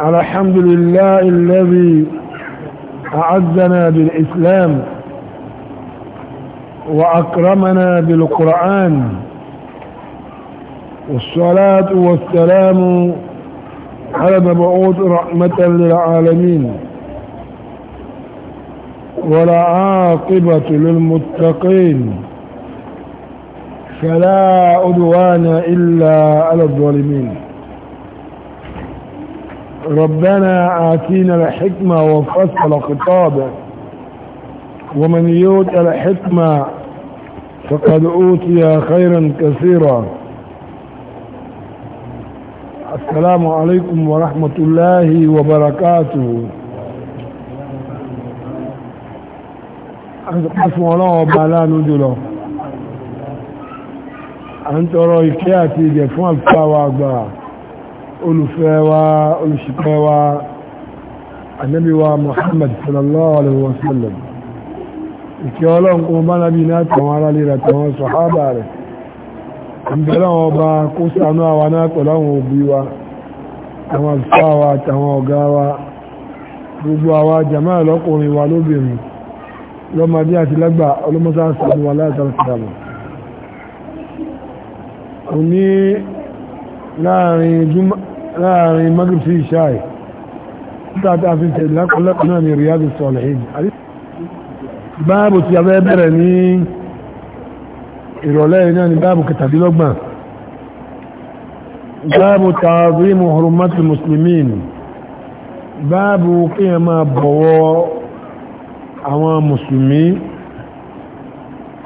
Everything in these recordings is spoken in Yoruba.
الحمد لله الذي أعزنا بالإسلام وأكرمنا بالقرآن والصلاة والسلام على مبعوث رحمة للعالمين ولا عاقبة للمتقين فلا أدوان إلا على الظالمين ربنا آتينا الحكمة وفصل خطابه ومن يؤت الحكمة فقد أوتي خيرا كثيرا السلام عليكم ورحمة الله وبركاته أسمع الله وبعلا نجله أنت رأيك يا تيجي فما الفاوة olùfẹ́ wa olùṣìpẹ̀ wa ànábì wa Muhammad sallallahu alaihi wa sallam ìkẹ́ ọlọ́run kó bá nábì náà tàwọn ará lera tàwọn sọ̀hábà rẹ̀ ìbẹ̀rẹ̀ àwọn ọba kó ṣàánú àwa náà pẹ̀lú àwọn òbí wa àwọn àlùfáà wa àtàwọn ọ̀gá wa gbogbo àwa jàmáà lọ́kùnrin wa lóbìnrin lọ́mọdé àti lágbà ọlọ́mọsá láàrin magrib sí ìṣáì títàtà fi tẹ̀ lákọ̀ọ́lọ́kọ̀ náà ni Riyadu Salihin báàbù tí a fẹ́ bẹ̀rẹ̀ ní ìrọ̀lẹ́ náà ni báàbù kẹtàdínlọ́gbọ̀n báàbù ta'zimu hurumati muslimin báàbù kí a máa bọ̀wọ̀ àwọn musulmi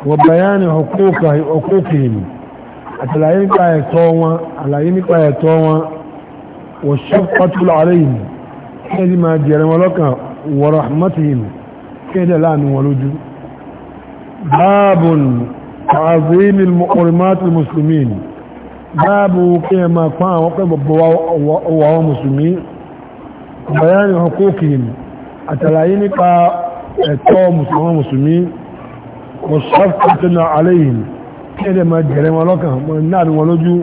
wa bayani huquqihim àtàlàyé nípa ẹ̀tọ́ wọn àlàyé nípa ẹ̀tọ́ wọn والشفقة عليهم كذي ما جيران ولك ورحمتهم كذا لان ولوجه باب تعظيم المحرمات المسلمين باب كما كان وقب وهو مسلمين بيان حقوقهم أتلاين كأتوا مسلمين مسلمين والشفقة عليهم كذا ما جيران ولك النار ولوجه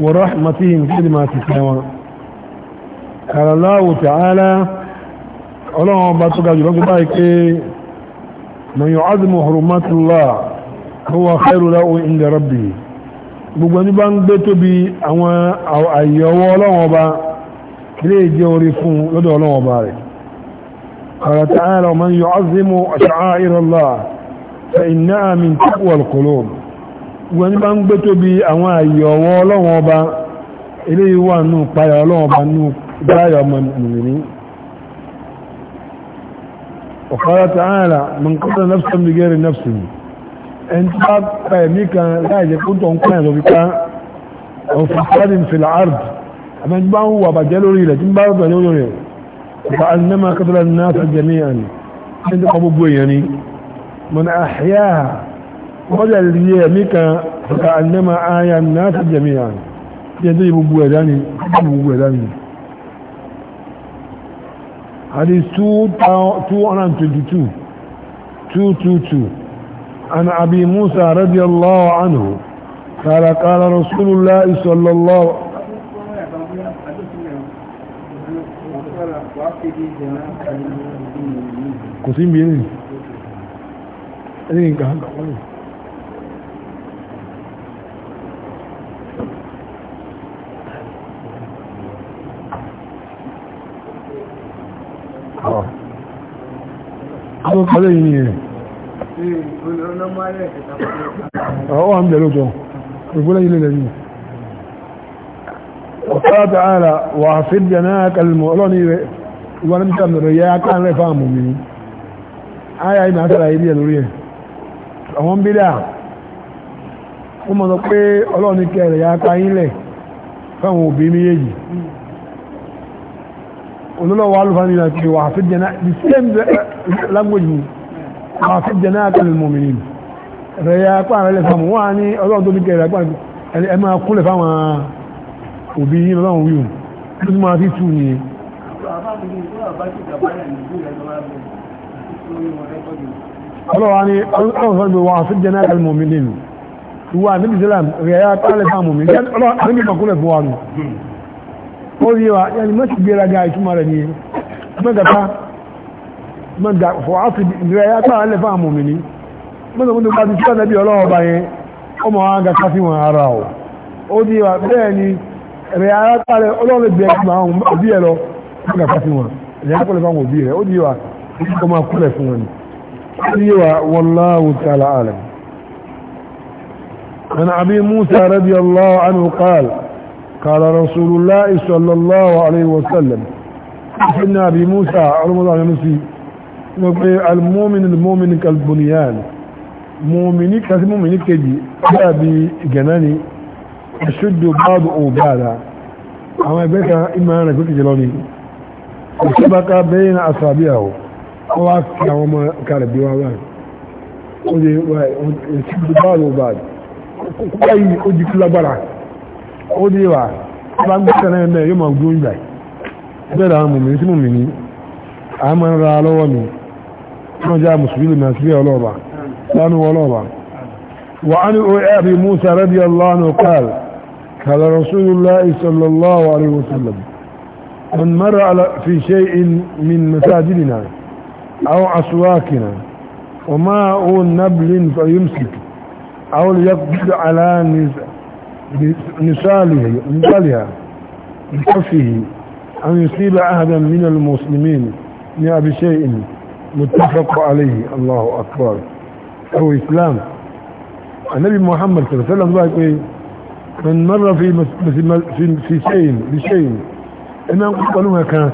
ورحمتهم كذا ما تتنوى قال الله تعالى الله باتوكا جلوك بايك من يعظم حرمات الله هو خير له عند ربه gbogbo ní bá ń gbé tóbi àwọn àyẹ̀wò ọlọ́wọ́n ọba ilé ìjẹ́ orí fún lọ́dọ̀ ọlọ́wọ́n ọba rẹ̀ قال تعالى ومن يعظم شعائر الله فإنها من تقوى القلوب gbogbo ní bá ń gbé tóbi àwọn àyẹ̀wò ọlọ́wọ́n ọba ilé ìwà nù payà ọlọ́wọ́n ọba nù داية من المؤمنين وقال تعالى من قتل نفسا بغير نفسه انت فاهميك لا يكون تنقل بكا او فساد في العرض اما انت هو بجلو ريلة انت بجلو ريلا فأنما قتل الناس جميعا عند قبوب يعني من أحياها وجل ميكا فكأنما آيا الناس جميعا يجب بواداني يعني. بواداني حديث 222 222 عن أبي موسى رضي الله عنه قال قال رسول الله صلى الله كثير بيني ايه ń kọ́lé yìí yẹn ọwọ́ ń bẹ̀rẹ̀ jọ ìgbóná ilé lẹ́yìn ọ̀tọ́lá tààrà wà fi ahụ kalmọ̀ ọlọ́ni rẹ̀ ahụ ahụ olólọ́wọ́ alùfáàní náà pé wàá fìdí náà the same language mu wàá fìdí náà kan lè mọ̀mí nínú rẹ̀ yà pa àwọn ẹlẹ́fà mọ̀ wọ́n á ní ọlọ́run tó ní kẹrẹ̀ pa ẹ máa kúnlẹ̀ fáwọn òbí yín lọ́wọ́n wíwò tó ti máa fi tù ní. ọlọ́wọ́ á ní ọlọ́run tó wàá fìdí náà kan lè mọ̀mí nínú ìwà níbi islam rẹ̀ yà pa ẹlẹ́fà mọ̀mí ọlọ́run ó rí wa yẹni ga sì gbéraga ìtumọ̀ rẹ̀ ní mẹ́gàtá mẹ́gà fọ́ áti ìrẹ́ yá tàà lẹ́fà àmùmì ní mẹ́gàmúndé bá ti tíwọ́n nẹ́bí bayan yẹn ọmọ aga kasi wọn ara o ó wa ni rẹ̀ ara tàà lẹ́ ọlọ́ọ̀lẹ́ bí ẹ̀kí máa ń lo ga lọ wọn ẹ̀yà kọ́lẹ̀ fáwọn wa wallahu ta'ala alam موسى رضي الله عنه قال قال رسول الله صلى الله عليه وسلم إن أبي موسى رمضان المسي المؤمن المؤمن كالبنيان مؤمني كاسي مؤمني كجي أبي جناني أشد بعض أوبالا أما بيكا إما أنا كنت جلوني وسبق بين أصابعه وأكا وما كاربي وابان ويشد بعض أوبالا كوي أجي كل برعه ó dé wà bá gbẹ́sẹ̀ náà bẹ́ẹ̀ yóò máa gbó ìgbà bẹ́ẹ̀ làwọn mùmí sí mùmí ní a máa ń ra lọ́wọ́ mi wọ́n jẹ́ mùsùlùmí náà sílẹ̀ ọlọ́ọ̀bà lánú ọlọ́ọ̀bà wà من مر في شيء من مساجدنا أو أسواقنا وما هو نبل فيمسك أو يقبض على نزل نساله نسالها بكفه أن يصيب أحدا من المسلمين يا بشيء متفق عليه الله أكبر أو إسلام النبي محمد صلى الله عليه وسلم قال إيه؟ من مر في في في شيء بشيء إما قالوا لك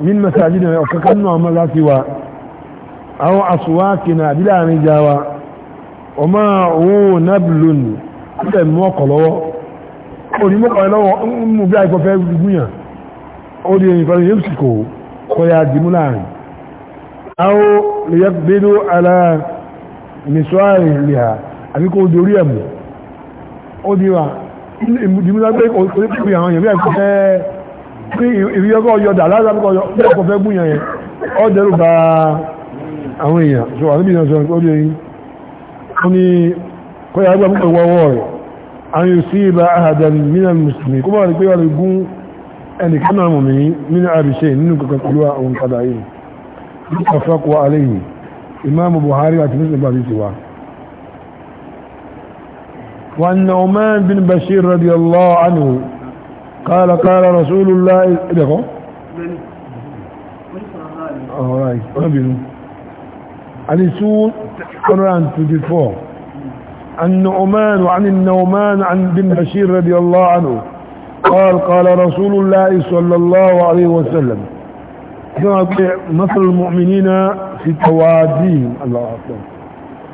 من مساجدنا وكأنه عملاتي أو أصواتنا بلا نجاوه ọmọ òun nábìlónì tẹ́ mú ọkọ̀ lọ́wọ́ orí mọ́kànlá lọ́wọ́ mú bí àìkọ́ fẹ́ gúnyàn orí èyí fẹ́rẹ̀ yóò sì kò kọya dìmú láàrin àwọn lè yẹ gbédó ara mẹ́sọ́rì lè ha àbí kó dorí ẹ̀mù ó di wa dìmú lágbé orí àwọn èèyàn bí àìkọ́ fẹ́ pé ìrí ọgọ́ yọdà láti àwọn èèyàn sọ àbíbí náà sọ orí èyí ni kọ́yà agbá mú ọwọ́ rẹ̀ an yóò sí ibá ahadan minan musulmi kó bá rí pé wà lè gún ẹni kanáà mọ̀ mí nínú àbíṣẹ́ nínú kankan pẹ̀lú àwọn kadà yìí nípa fọ́kọ̀ aléyìn imam buhari àti muslim bá ti wá wọn na umar bin bashir radiyallahu anhu kala kala rasulullah idakọ All right. Alisun القرآن النعمان عن النومان عن بن بشير رضي الله عنه قال قال رسول الله صلى الله عليه وسلم مثل المؤمنين في توادين الله أكبر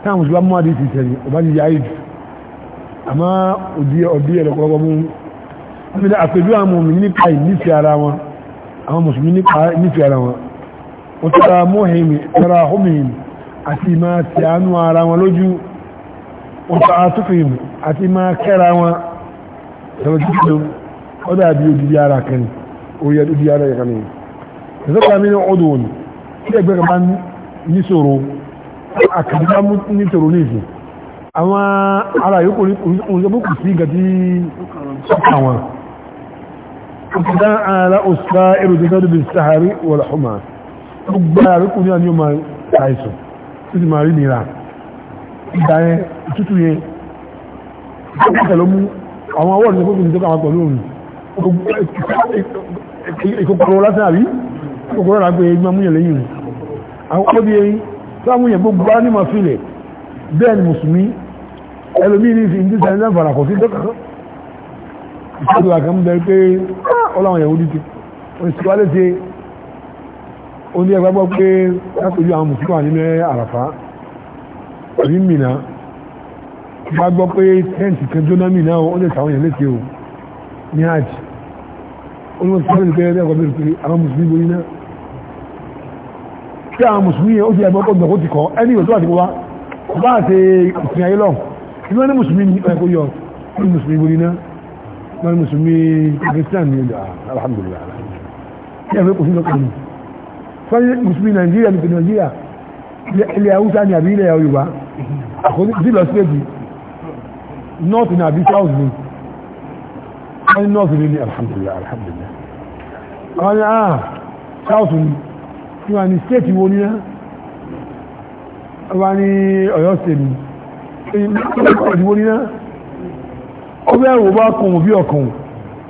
كان مسلم ما دي تسري وبالي يعيد أما أدية أدية لقربهم من أفجوا المؤمنين كاي نفي على أما مسلمين كاي نفي على ما وترى مهم تراهمهم àti máa tẹ àánú ara wọn lójú ọ̀tọ̀ àtúfèèmù àti máa kẹ́ra wọn tẹ̀lẹ̀tìtìlò ó dàbí odidi ara kan orí odidi ara yẹ̀kan ni ìsọ́kà mi ní ọdún òní tí ẹgbẹ́ kan bá níṣòro àkàdé bá níṣòro ní ìsìn òṣèbùkù sí nǹkan tí sọ́kà wọn ọ̀kadà ara òṣìṣẹ́ èrò jẹ́jọ́ bí sahari wọ̀lọ́hùmá gbogbo ara ní àníyàn máa ó sì máa rí nira ìgbà yẹn ìtútù yẹn ìtọ́kùtà ló mú àwọn awọ́rùn ní kókò ní tókà àwọn pẹ̀lú òun ìkòkòrò lásán àrí ìkòkòrò rà pé ẹgbẹ́ amúyẹ̀ lẹ́yìn rẹ̀ àwọn ọdí ẹyin tó amúyẹ̀ gbogbo bá ní màfilẹ̀ bẹ́ẹ̀ ni mùsùlùmí ẹlòmíì ní ìdí sẹ́yìn náà fara kò sí tókà ìtọ́jú àkàmúdẹ̀ pé ah, ọlọ́run yẹ̀wò dìde òṣìṣẹ́ wálé ṣe ó ní ẹgbẹ́gbọ́ pé lápẹjú àwọn mùsùlùmí wà nínú àràfá rí mìnà bá gbọ́ pé tẹ́ǹtì kan jóná mìnà ó lè sàwọn èèyàn létí o ní àjì ó ní wọ́n ti sáré pé ẹgbẹ́ ọgbẹ́ pé àwọn mùsùlùmí borí náà tí àwọn mùsùlùmí yẹn ó ti ẹgbẹ́ ọgbẹ́ kó ti kọ́ ẹni ìwé tó wà ti wá kò bá àti ìpín ayé lọ ìlú ẹni mùsùlùmí ní ẹ̀kọ́ yọ ní mùsùlùmí borí náà lọ́nà mùsùlùmí alhamdulillah kí sọ́yìn mùsùlùmí nàìjíríà nìkan nàìjíríà ilẹ̀ haúsá ni àbí ilẹ̀ yorùbá àkóní sí lọ sílẹ̀ jù north ni àbí south ni wọ́n ní north ni ní alhamdulillah alhamdulillah wọ́n ní ah south ni tí wọ́n ní state wo ni náà wọ́n ní ọ̀yọ́ state ni ìlú wo ni náà ó bẹ́ẹ̀ wò bá kùn bí ọkùn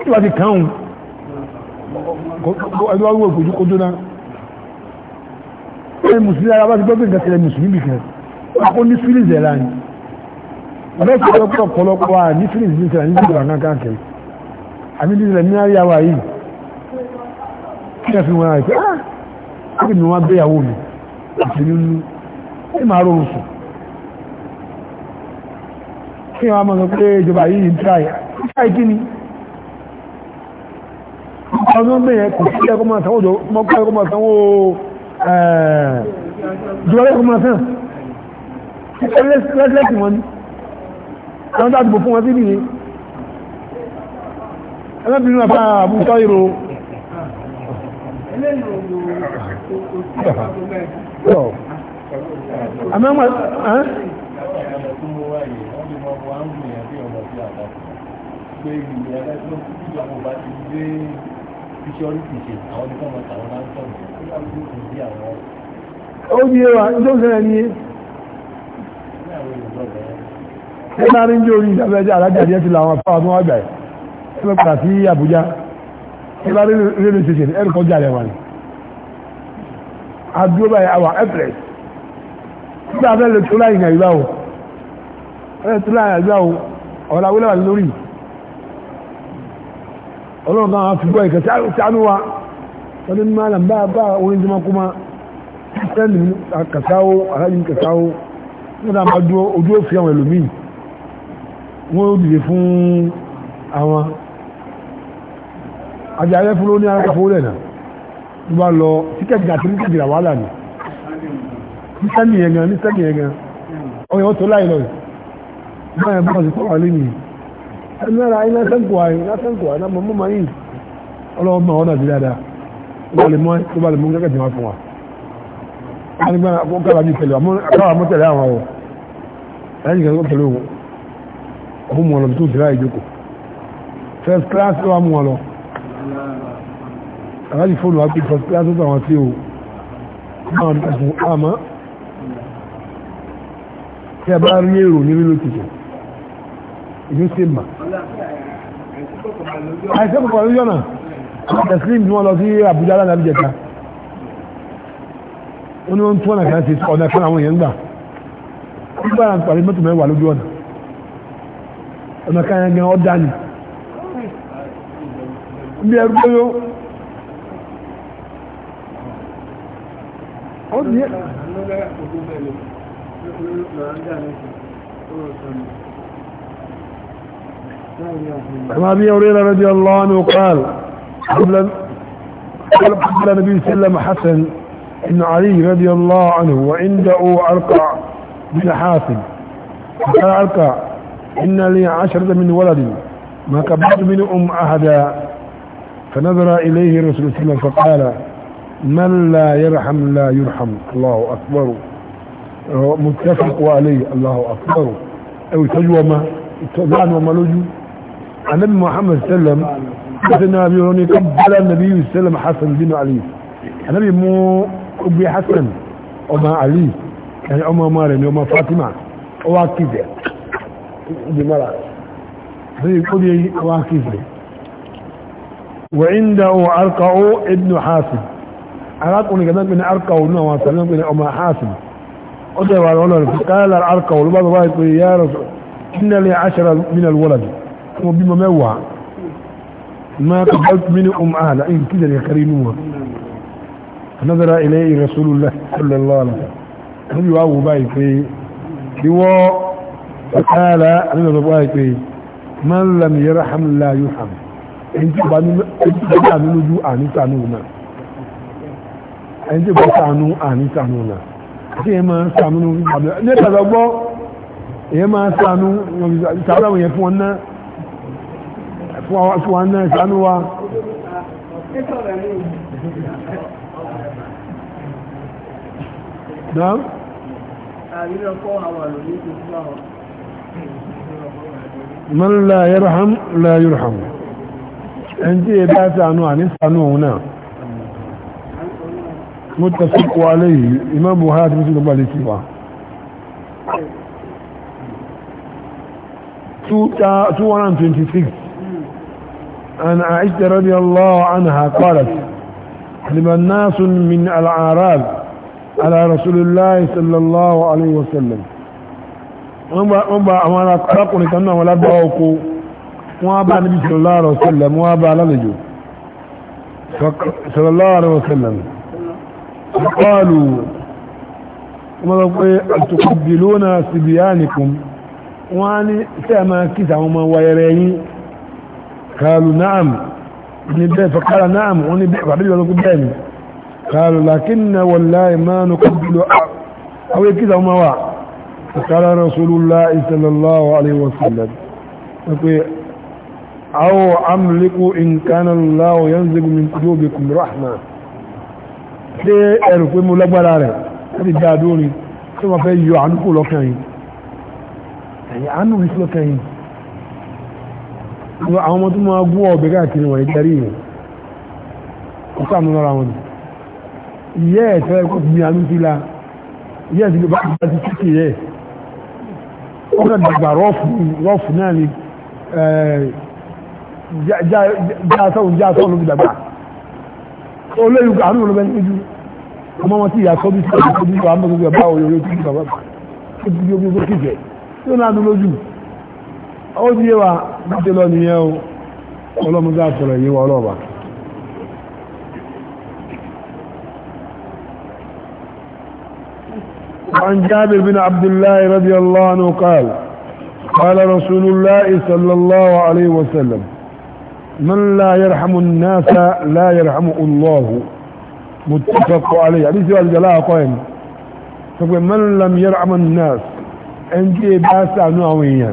tí wọ́n ti kàn án ẹgbẹ́ wọ́n wọ́n ìpòjú kó jóná pé mùsùlùmí ara bá ti gbọ́gbẹ̀ ìgbẹ̀sẹ̀lẹ̀ mùsùlùmí bìkan akó ní fílìsì ẹ̀lá ni ọlọ́sọ̀rọ̀ pọ̀ pọ̀lọpọ̀ à ní fílìsì ní sẹ̀lẹ̀ ní ìgbà kan káàkiri àmì ní sẹ̀lẹ̀ ní àríyá wa yìí kí ẹ fi wọn àìpé á ah! kí ni wọn gbéyàwó mi àti nínú ẹ máa rọrùn sùn kí wọn máa sọ pé ìjọba yìí ń tíráì tíráì kí ni ọdún gbẹ̀yẹn kò sí ẹkọ jùlọ kò máa fẹ́ lẹ́sìlẹ́sì wọn ni wọ́n dá dìbò fún wọn sí nìyí ẹlẹ́bìnrin àbá àbúkọ́ ìrò àmẹ́wọ̀n ẹ́ pé ìgbìyànjú tó ń kú security ṣe àwọn ní kọ́mọ tàwọn máa ń ó di ewa tó sẹ́yìn ni. ṣé máa ń jó orí ìdábẹ́jẹ́ alájà ti làwọn afọ àwọn àgbà yìí ṣé ló padà sí Àbújá ṣé bá rélùú ṣèṣe ẹ̀rù kọjá rẹ̀ wà ní. àdúró báyìí àwọn ẹ̀pẹ̀rẹ̀ nígbà fẹ́ lè tó láyìn àyíká o ẹ̀ tó láyìn àyíká o ọ̀làwé lórí ọlọ́run náà fi gbọ́ ìkẹta sánú wa wọ́n ní máa làmbá bá orin jẹ́ makoma sẹ́ni kàtàwó aláàjì kàtàwó wọ́n dá máa dúró ojú òfin àwọn ẹlòmíì wọ́n ó dìde fún àwọn àjẹ́ ayẹ́ fún lóní arákàfọ́ rẹ̀ náà ló bá lọ tíkẹ́tì àti tíkẹ́tì rà wàhálà ní sẹ́ni yẹn gan ní sẹ́ni yẹn gan ọ̀yọ́ tó láì lọ yìí báyẹn bá wọn kọ́ wà lẹ́yìn yìí ẹnìyàrá ayé lásán kò ayé lásán kò ayé lámọ mọ màá yìí ọlọ́wọ́ mọ ọ̀nà sí dáadáa wọ́n lè mọ tó bá lè mú kẹ́kẹ́ tí wọ́n fún wa wọ́n gbá kó kára bí tẹ̀lé kára mọ́ tẹ̀lé àwọn ọ̀ ẹ̀yìn kan tó tẹ̀lé òun ọ̀hún mọ̀ lọ́dún tó tẹ̀lé àìjókòó first class ló wà mú wọn lọ aláàjì fóònù wa pé first class ó tọ̀ wọn sí o máa ń àmọ́ tí a bá rí èrò ní lílo tìtò ìlú sí mà àìsàn kọ̀ọ̀kan lójú ọ̀nà tẹ̀sílìm tí wọ́n lọ sí Àbújá lánàá bí jẹta ó ní wọ́n tún ọ̀nà kan ti ọ̀nà kan àwọn èèyàn gbà nígbà náà pàdé mọ́tò mẹ́wàá lójú ọ̀nà ọ̀nà kan yẹn gan ọ́ dání bí ẹrú pé ó di ẹ́ عن أبي هريرة رضي الله عنه قال قبل قبل النبي صلى الله عليه وسلم حسن إن علي رضي الله عنه وعنده ألقى بن حاتم قال ألقى إن لي عشرة من ولدي ما كبرت من أم أحدا فنظر إليه رسول الله صلى الله عليه وسلم فقال من لا يرحم لا يرحم الله أكبر متفق عليه الله أكبر أو تجوى ما تجوى ما لجوه النبي محمد صلى الله عليه وسلم سيدنا النبي هريره قبل النبي صلى الله عليه وسلم حسن بن علي النبي مو ابي حسن وما علي يعني أم مارن وما فاطمة واكيد دي مرة دي قضي وكذا وعنده أرقع ابن حاسم أراد أن من أرقع ابن سلم من أم حاسم قال الأرقع والبعض واحد يا رسول إن لي عشرة من الولد mo bímọ mẹ́wàá ما قبلت منهم أهلا إن كذا يكرينوها نظر إليه رسول الله صلى الله عليه وسلم هم يوعوا بايك لواء فقال أنا بايك من لم يرحم لا يرحم انت بانو نجو آني تانونا انت بانو آني تانونا كما سامنو نتذبو يما سانو تعالوا يفونا fún àwọn aṣọ wa náà ìsánú wa náà man la yarham la yurham ẹn tí ẹ bá sànú àní sànú òun náà متفق عليه امام بخاري مسلم مالكي با 226 عن عائشة رضي الله عنها قالت لما الناس من الأعراب على رسول الله صلى الله عليه وسلم wọ́n bá àwọn arákùnrin kan náà wọ́n lábá ọkọ̀ wọ́n bá níbi sallallahu alaihi wasallam wọ́n bá alálejò sallallahu alaihi wasallam qalu wọ́n lọ pé àtùkù bìlónà sibiyanikum wọ́n ní sẹ́ẹ̀mà kìtà wọn wáyẹrẹ yìí قالوا نعم فقال نعم قالوا لكن والله ما نقبل أو كده وما واع فقال رسول الله صلى الله عليه وسلم او املك إن كان الله ينزل من قلوبكم رحمة ṣe ẹ̀rù pé mo lágbára rẹ̀ ثم dáadórin tí wọ́n fẹ́ yọ مثل kò àwọn ọmọ tó máa gún ọ̀bẹ káàkiri wọ̀nyí jẹ́rí rẹ̀ ó sàmú lọ́ra wọn ìyẹ́ ẹ̀ tẹ́lẹ̀ kó fi àánú sí la ìyẹ́ ẹ̀ ti lè bá bá ti títì yẹ ó kàn dàgbà rọ́ọ̀fù náà ni jáàsọ́hùn jáàsọ́hùn ló fi dàgbà olóyún àánú ló bẹ́ẹ̀ níjú ọmọ wọn tí ìyá sọ́bí sí ọ̀dọ́ tó bí wà á mọ̀ gbogbo ẹ̀ bá òyòyò tó bí bàbá tó bí ó bí ó ti yé wa gbáṣẹ́ lọ nìyẹn o ọlọ́mọdé àtọ̀rọ̀ yìí wọ ọlọ́ọ̀bà عن جابر بن عبد الله رضي الله عنه قال قال رسول الله صلى الله عليه وسلم من لا يرحم الناس لا يرحم الله متفق عليه هذه سؤال الجلاء قائم فقال من لم يرحم الناس انت باسع نوعيا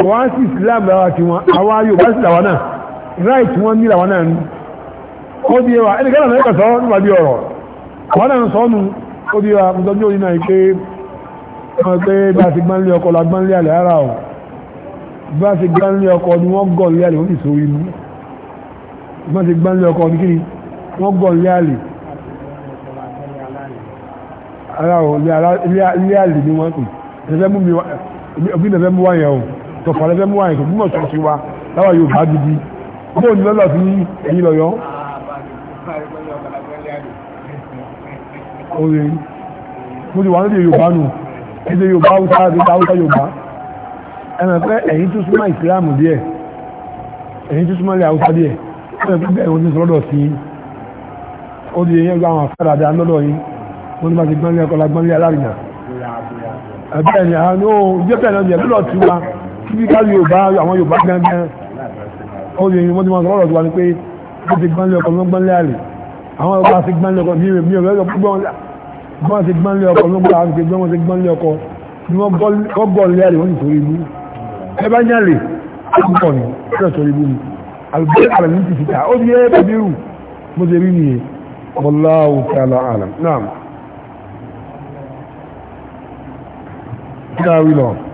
wọ́n sì islam lára ti wọn àwọn ayò bá sì làwọn náà right wọ́n ní làwọn náà ní ó di ẹwà ẹni gánà lẹ́kọ̀ọ́ sọ nípa bí ọ̀rọ̀ wọ́n náà sọ nù ó di ẹwà mùsọ́jú òní náà pé wọ́n pé bá ti gbá nílé la gbá àlẹ́ ara o bá ti gbá nílé ọkọ ni wọ́n gọ̀ nílé àlẹ́ wọ́n sì sórí inú bá ti gbá nílé ọkọ ni kí ni wọ́n gọ̀ nílé àlẹ́ ara o ilé àlè ni wọ́n pè ẹ̀fẹ́ mú mi wá ẹ̀fẹ́ mú wá yẹn o tọ̀fọ̀lẹ́fẹ́ mú àyẹ̀kọ̀ gbúmọ̀ tó ti wa láwà yóò bá gidi bó ní lọ́lọ́ sí ẹ̀yìn lọ́yọ́ orin mo ti wà nílé yorùbá nù ẹ̀dẹ̀ yorùbá haúsá àríta haúsá yorùbá ẹ̀mẹ̀ pé ẹ̀yìn tó súnmọ́ ìsìlámù díẹ̀ ẹ̀yìn tó súnmọ́ ilẹ̀ haúsá díẹ̀ ẹ̀mẹ̀ pé bẹ́ẹ̀ wọ́n ti sọ́lọ́dọ̀ sí ó di ẹ̀yìn ẹgbẹ́ àwọn afẹ́rẹ́ àdá lọ́dọ̀ yìí wọ́n ti bá ti gbọ́nlé ẹ̀kọ́ la gbọ́nlé alárìnà ẹ̀bẹ́ ni àwọn ó jẹ́ bẹ́ẹ̀ náà jẹ́ bí lọ́ọ̀ tí wa typical yorùbá àwọn yorùbá gángan ó lè wọ́n ti máa sọ̀rọ̀ ọ̀dọ̀ wa ni pé ó ti gbọ́n lé ọkọ̀ ló ń gbọ́n lé àlè àwọn ọkọ̀ àti gbọ́n lé ọkọ̀ mi I rẹ́ lọ gbọ́n wọ́n ti gbọ́n lé ọkọ̀ ló ń gbọ́n àti gbọ́n wọ́n ti gbọ́n lé ọkọ̀ ni wọ́n gbọ́n lé àlè wọ́n ti sọ̀rọ̀ ibú ẹ bá ní àlè púpọ̀ ni ẹ sọ̀rọ̀ ibú ni àlùbẹ́ àlè ní ti fìtà ó ti yẹ kàbírù mo ti rí nìyẹn wallahu ta'ala alam naam kí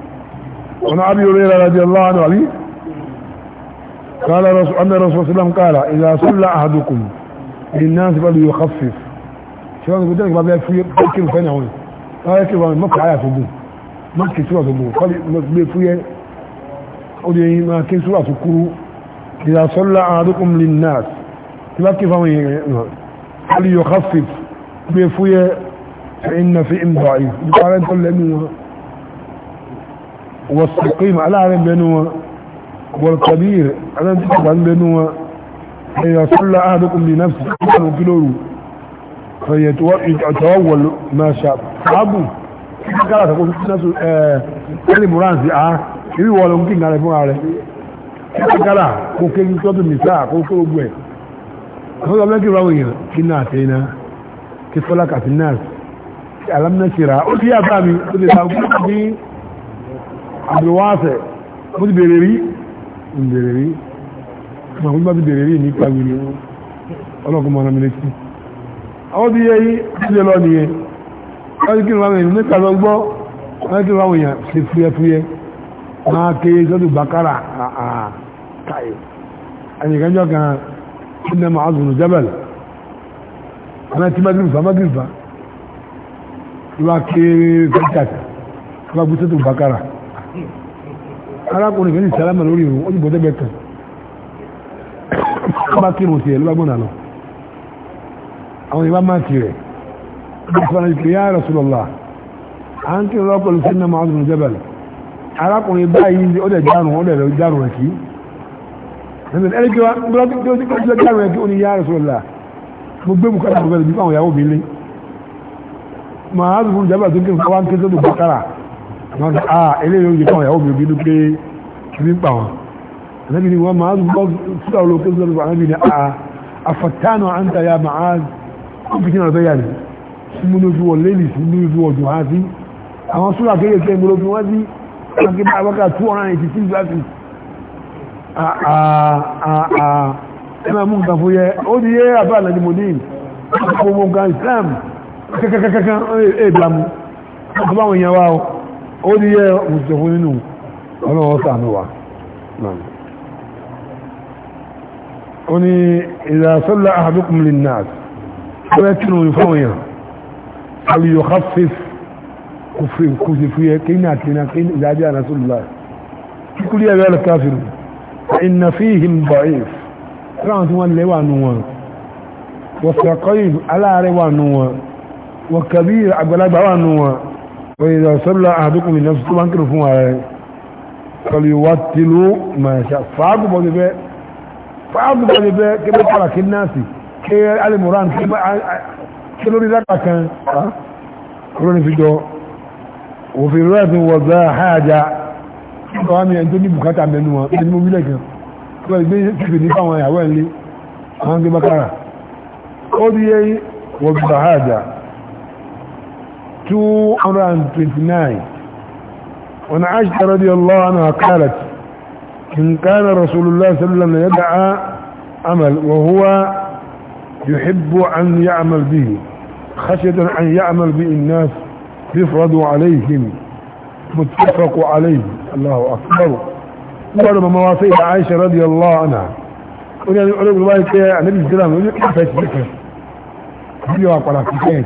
عن أبي هريرة رضي الله عنه علي قال رسول أن الرسول صلى الله عليه وسلم قال إذا صلى أحدكم للناس بل يخفف أنا قلت لك ما بيفير كل فين هون لا يكفي ما مكعيا تبو ما كسوة تبو قال بيفير أودي ما كسوة تكرو إذا صلى أحدكم للناس لا كيف ما فليخفف بيفير فإن في إمضاعي قال أنت اللي والصقيم على عالم بينهما والقبير على انتقب عن بينهما فيصلى أهدكم لنفسه وكلوه فيتوول ما شاء فعبوا قال تقول الناس قال مران في اه يبي ولا على فوق عليه قال ممكن يصوت النساء ممكن يبوي هذا ما كي راوي كنا تينا كيف لك الناس علمنا شراء قلت يا بامي قلت àbúrúwáṣẹ̀ mo ti bèèrè rí mo bèèrè rí mo àwọn ìgbàgbé bèèrè rí ní pàgbìlì ọlọ́gbọ̀n mọ́nà mi létí àwọn ti yẹ yí sílẹ̀ lọ nìyẹn wọ́n kí wọ́n èèyàn mẹ́ta lọ gbọ́ wọ́n kí wọ́n èèyàn ṣe fúyẹfúyẹ máa ké sọ́dún bàkárà àkàyè àyíkájọ́ kan sílẹ̀ máa zùnú jẹ́bẹ̀l wọ́n ti mẹ́tìrì fà mẹ́tìrì wọ́n gbé sọ́dún bàkárà arákùnrin kan ní sàlámà lórí ìrùn ó ti bọ́ dẹ́gbẹ̀ẹ́ kan bá kí irun sí ẹ̀ ló bá gbọ́nà lọ àwọn ìbá máa kì rẹ̀ ìfànà ìpè yá Rasulullah à ń kí irun pẹ̀lú sínú máa ń jẹ́bẹ̀ lọ arákùnrin báyìí ó dẹ̀ járùn ó dẹ̀ járùn rẹ̀ kì í ẹni tí wọ́n ti járùn rẹ̀ kí ó ní yá Rasulullah mo gbé bùkátà bùkátà wọ́n ah eléyìí oúnjẹ kan ìyàwó mi bínú pé kìí pa wọn anábì ni wọ́n máa ah afatanu anta ya ma'az wọ́n fi kí náà bẹ́yà ni múlò fi wọ́n lélì sí múlò fi wọ́n jù wá sí àwọn súnà kéèké múlò fi wọ́n sí ọ̀gbẹ́ bá wákà 286 verses ẹ̀mà mú nǹkan fún yẹ ó di yẹ́ àbá àlàjì mò ní gbogbo nǹkan Islam kẹ́kẹ́kẹ́kẹ́ ẹ̀ẹ́dàmú ọkọ̀ báwọn èèyàn wá o ó ní yẹ òṣìṣẹ́ fún nínú ọlọ́wọ́ sànú wa ó ní ìdásọ́lá àdúkùn lè náà tó yẹ kínú fún èèyàn alìyọ̀ hafif kùfin kùsì fúyẹ kíyà kíyà kíyà ìdájí ànásùlùlá kíkúrí ẹ̀rọ ẹ̀lẹ́káfìrù ìnà fíhìm wọ́n lẹ́wà àgbàlagbà wà nù wọn وإذا صلى أحدكم من نفسه ما كانوا فهم فليوتلوا ما شاء فعبوا بني بي فعبوا بني بي كما ترك الناس كي آل مران كما كانوا رزاقا كان كلوني في جو وفي رواية وذا حاجة wọ́n yẹn tó ní bùkátà mẹ́nu wọn ẹni mú mílẹ̀ kan tó wọ́n gbé kìfì ní fáwọn ìyàwó ẹ̀lẹ́ àwọn 229 وعن عائشة رضي الله عنها قالت إن كان رسول الله صلى الله عليه وسلم يدعى عمل وهو يحب أن يعمل به خشية أن يعمل به الناس يفرض عليهم متفق عليه الله أكبر ولما مواصيل عائشة رضي الله عنها ونحن نقول لك النبي السلام يقول لك فاتحك يقول لك فاتحك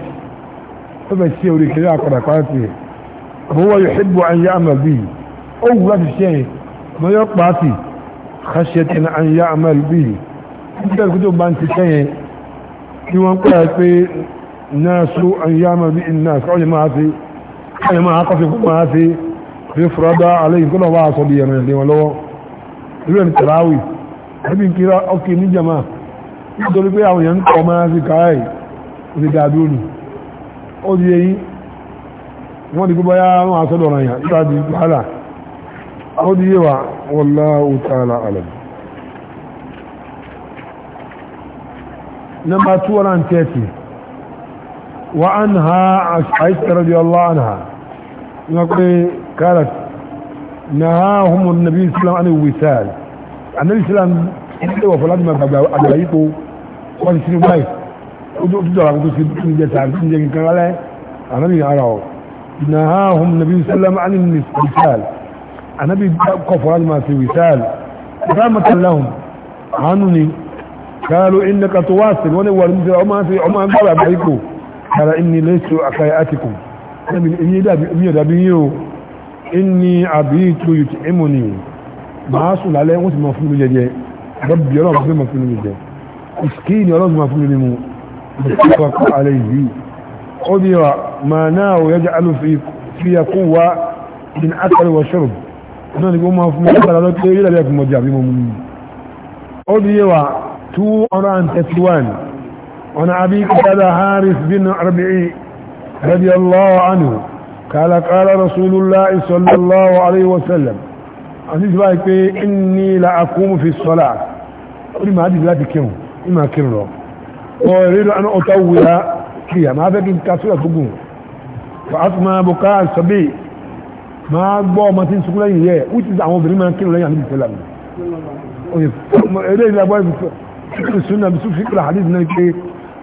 tọ́bẹ̀ tí orí kiri àkọ́dà pàtàkì àbúwọ̀ yóò ṣíbò àyà àmà bí ó wù láti ṣe mọ́yọ́ pàtì kàṣẹ́tì ní àyà àmà bí nígbà tó bá ń ti ṣe yẹn kí wọ́n pẹ́ pé náà sọ àyà àmà bí náà sọ ọ̀yẹ̀ máa fi ọ̀yẹ̀ máa kọ́fẹ́ kó máa fi fi fúradà alẹ́ ìkọ́nà wà sọ di yẹn lé wọn lọ́wọ́ irú ẹ̀ ní tàràwì ẹbí ń kira ọkì níjàmá nítorí pé àwọn èèyàn ń kọ́ máa fi káyà ì ó di eyín wọ́n di gbogbo yára wọ́n aṣọ́ lọ́rọ̀ yà nígbà di wàhálà ó di yíwa wallahu ta'ala alam number 230 wa anha aisha radiyallahu anha wọ́n pé kálà نهاهم النبي صلى الله عليه وسلم عن الوسال النبي صلى الله عليه وسلم وفلاد ما بقى على ojú òtún dọ̀rọ̀ àkókò sí ní jẹ tàbí ní jẹ nǹkan alẹ́ ànábì ara ọ̀ na ha hùn nàbí sálẹ́m àní ní wìsáàl ànábì kọfọ́ láti máa ṣe wìsáàl ìfáàmọ́tà láhùn àánú ni kálù iná ka tó wá sí wọ́n ni wà ní ọmọ àti ọmọ agbára àbáríkò kára iní lẹ́sù àkáyà átìkù nàbì iye dàbí yíò iní àbí tó yìí ti ẹmọ ni màá sùn lálẹ́ wọ́n sì máa fún mi jẹjẹ rọ́bì ọlọ́run fún mi máa fún mi jẹjẹ ìsìkí ni ọlọ́run máa fún mi mu متفق عليه قدر ما ناو يجعل في في قوة من أكل وشرب náà ni wọ́n máa fún ọgbàrá lọ́tí orí ìlàbí ẹ̀kùn mọ̀já bí mo mú mi ó di yẹwà 231 ọ̀nà àbí kọ́dá haris bin rabi'i radiyallahu anhu kala kala rasulullah sallallahu alaihi wasallam a ti sọ́lá pé inni la akúmu fi sọ́lá ó ní máa dìbò láti kírun ní máa kírun lọ ويريد أن أطوّل فيها ما فكي كاسورة تقوم فأسمع بكاء الصبي ما أقبع ما تنسكو لي هي ويتز عمو بريما كيلو لي عليه السلام إليه لا بوي فكر السنة بسوف فكر الحديث نكي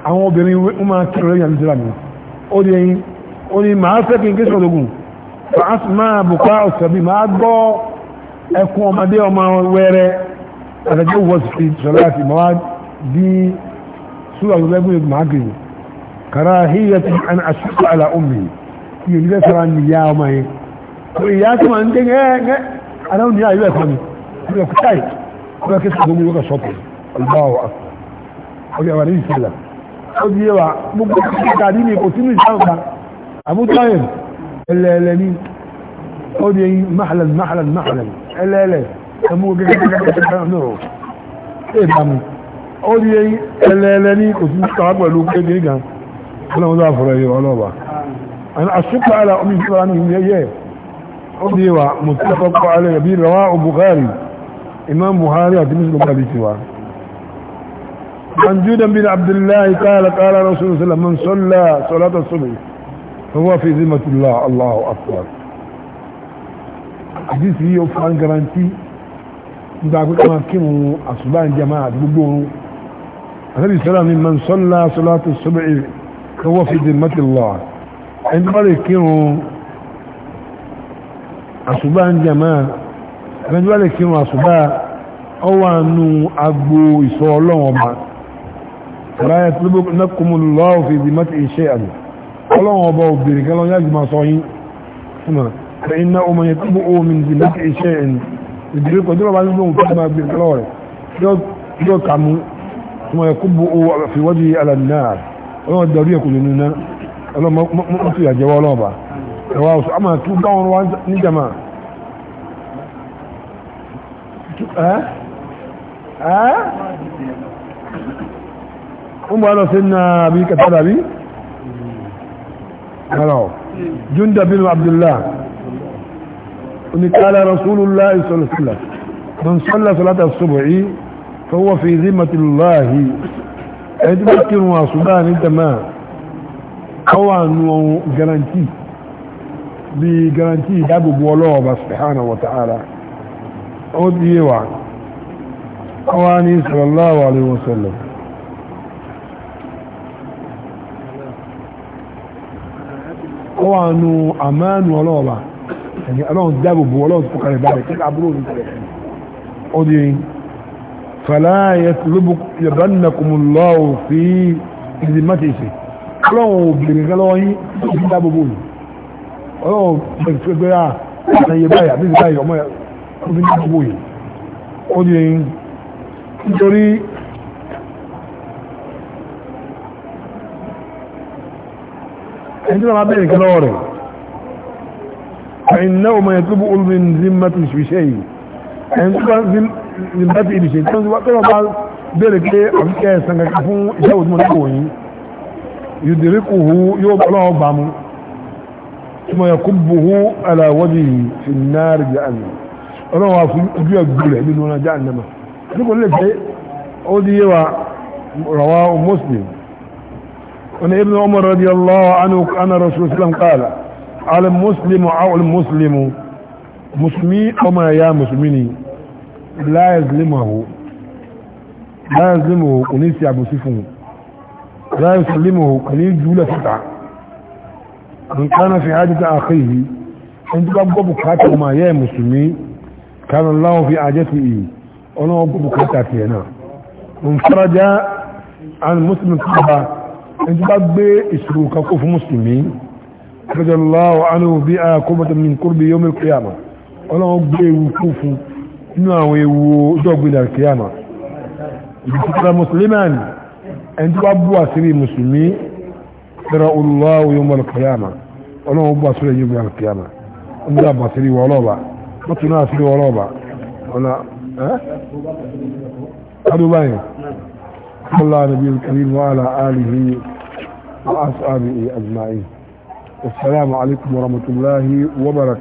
àwọn obìnrin ma kíro lẹ́yìn àlùsílà mi ó di ẹyin ó ní máa fẹ́ kí n kéṣọ́ lógún máa bùkọ́ ọ̀sẹ̀bí máa gbọ́ ẹkùn ọmọdé ọmọ wẹ́rẹ́ àtẹ́jọ́ wọ́sí sọ́lá àti máa bí سورة الغيب المعقل كراهية أن أشق على أمي يجب أن يا أمي وإياك ما أنت أنا أمي يا إياك أمي يقول لك شاي يقول لك اسمه يقول لك صوتي الله أكبر ọjọ́ ìwà nínú ìṣẹ̀lẹ̀ ó di ẹwà gbogbo ìṣẹ̀lẹ̀ àdí ní òtínú ìṣàǹkà àbútọ́yìn ẹlẹ́ẹ̀lẹ́ ní ó di ẹyin mahalan mahalan mahalan ẹlẹ́ẹ̀lẹ́ ẹmú gẹ́gẹ́ gẹ́gẹ́ ó di ẹlẹ́ẹ̀lẹ́ ní kò sí kàwá pẹ̀lú kékeré gan ọlọ́run tó àfọ̀rọ̀ yìí ọlọ́ba àṣùpá àlà omi ìfúra ní ilé yẹ ó di wa mùsùlùmí kọ́ alẹ́ rẹ̀ bí rawa Bukhari imam àti mùsùlùmí kàbí ti wa عن جود بن عبد الله قال قال رسول الله من صلى صلاة الصبح فهو في ذمة الله الله أكبر حديث هي وفعان قرانتي ndakwe kama kimu asubani àtàbí sọ́lá ni man sọ́lá sọ́lá tó sọ́bẹ̀ kọwọ́ fi dè mọ́tìlá ẹni tó bá lè kírun àṣùbá ń jàmá ẹni tó bá lè kírun àṣùbá ọ wà nù agbo ìsọ ọlọ́run ọba láyé tó lóbó nákùnmù lọ́wọ́ fi dè mọ́tì iṣẹ́ àmì ọlọ́run ọba obìnrin kẹlọ́ yá jùmọ̀ sọ yín fúnà فإن أمن يتبعه من دماء شيء يدركه دلوقتي بقى نزلهم في دماء بالكلوري دوك دوك عمو ثم يكبه في وجهه على النار ولو الدورية كلنا ولو ما فيها جوالوبة رواه أما توقعون وانت نجمع ها ها هم قالوا سنة بي كتابة بي قالوا جند بن عبد الله قال رسول الله صلى الله عليه وسلم من صلى صلاة الصبح فهو في ذمة الله يتذكر وصدان انت ما هو انه جرانتي بجرانتي يابو بولوه سبحانه وتعالى قد يوعى قواني صلى الله عليه وسلم قوانو امان ولوه يعني الان دابو بولوه سبحانه وتعالى كيف عبرون انت فلا يطلب يبنكم الله في ذمته ọlọ́run obìnrin kan lọ́wọ́ yín tó fi dáàbò bò yìí ọlọ́run bẹ̀rẹ̀ pé à àtàn yẹ báyìí àbí báyìí ọmọ ẹ̀ tó fi dáàbò bò yìí ó di ẹyin nítorí ẹni tí wọn bá bẹ̀rẹ̀ kan rẹ̀ ẹ̀yin náà ọmọ yẹn tó bó olùmí ní mẹ́tò ìṣiṣẹ́ yìí ẹni tó bá láti ìdí ṣe tán tọ́lọ̀ bá bẹ̀rẹ̀ pé àfikẹ́ ẹ̀sán kankan fún iṣẹ́ òdúnmọ̀ ní kò yín yìdìrí kò hu yóò ọlọ́wọ́ bá mu tí mo yẹ kó bu hu aláwọ́dì ìnáàrí jẹ́ àná ọlọ́wọ́ fún ojú ẹ̀gbù rẹ̀ nínú ọ̀nà jẹ́ àná mà ní kò lè pé muslim wọn ibn umar radiyallahu anhu anna rasul sallam qala al muslimu aw al muslimu muslimi ọmọ ya muslimi لا يظلمه لا يظلمه كنيسي أبو سيفون لا يسلمه كنيس جولة فتعة من كان في حاجة أخيه أنت بقى بكاتا ما يا مسلمي كان الله في حاجته أنا بقى بكاتا كينا انفرج عن مسلم صحبة أنت بقى بإسروك كف مسلمين رضي الله عنه بها قوة من قرب يوم القيامة أنا بقى بكوفه inú àwọn ewu ọjọ́gbìnà kìíyàmà musulman ẹni tó bá bú àṣírí musulmi tẹ́rọ olùwáwò yóò mọ́lù kìíyàmà ọlọ́wọ́ bú àṣírí yóò mọ́lù kìíyàmà ó múlá bú àṣírí wọ ọlọ́ọ̀bà ó tún náà àṣírí ọlọ́ọ̀bà ọ̀nà ẹ́ adúbáyé Allah nabiyil karim wa ala alihi wa ashabihi ajma'in assalamu alaikum wa rahmatullahi wa